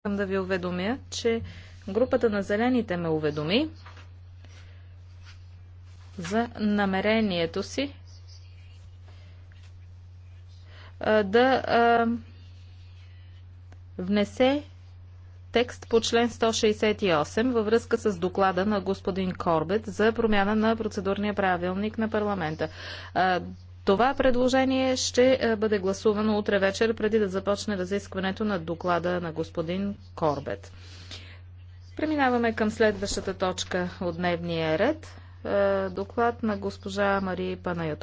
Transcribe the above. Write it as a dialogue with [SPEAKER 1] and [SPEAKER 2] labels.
[SPEAKER 1] Искам да ви уведомя, че групата на зелените ме уведоми за намерението си да внесе текст по член 168 във връзка с доклада на господин Корбет за промяна на процедурния правилник на парламента. Това предложение ще е, бъде гласувано утре вечер, преди да започне разискването на доклада на господин Корбет. Преминаваме към следващата точка от дневния ред. Е, доклад на госпожа Мария Панайотова.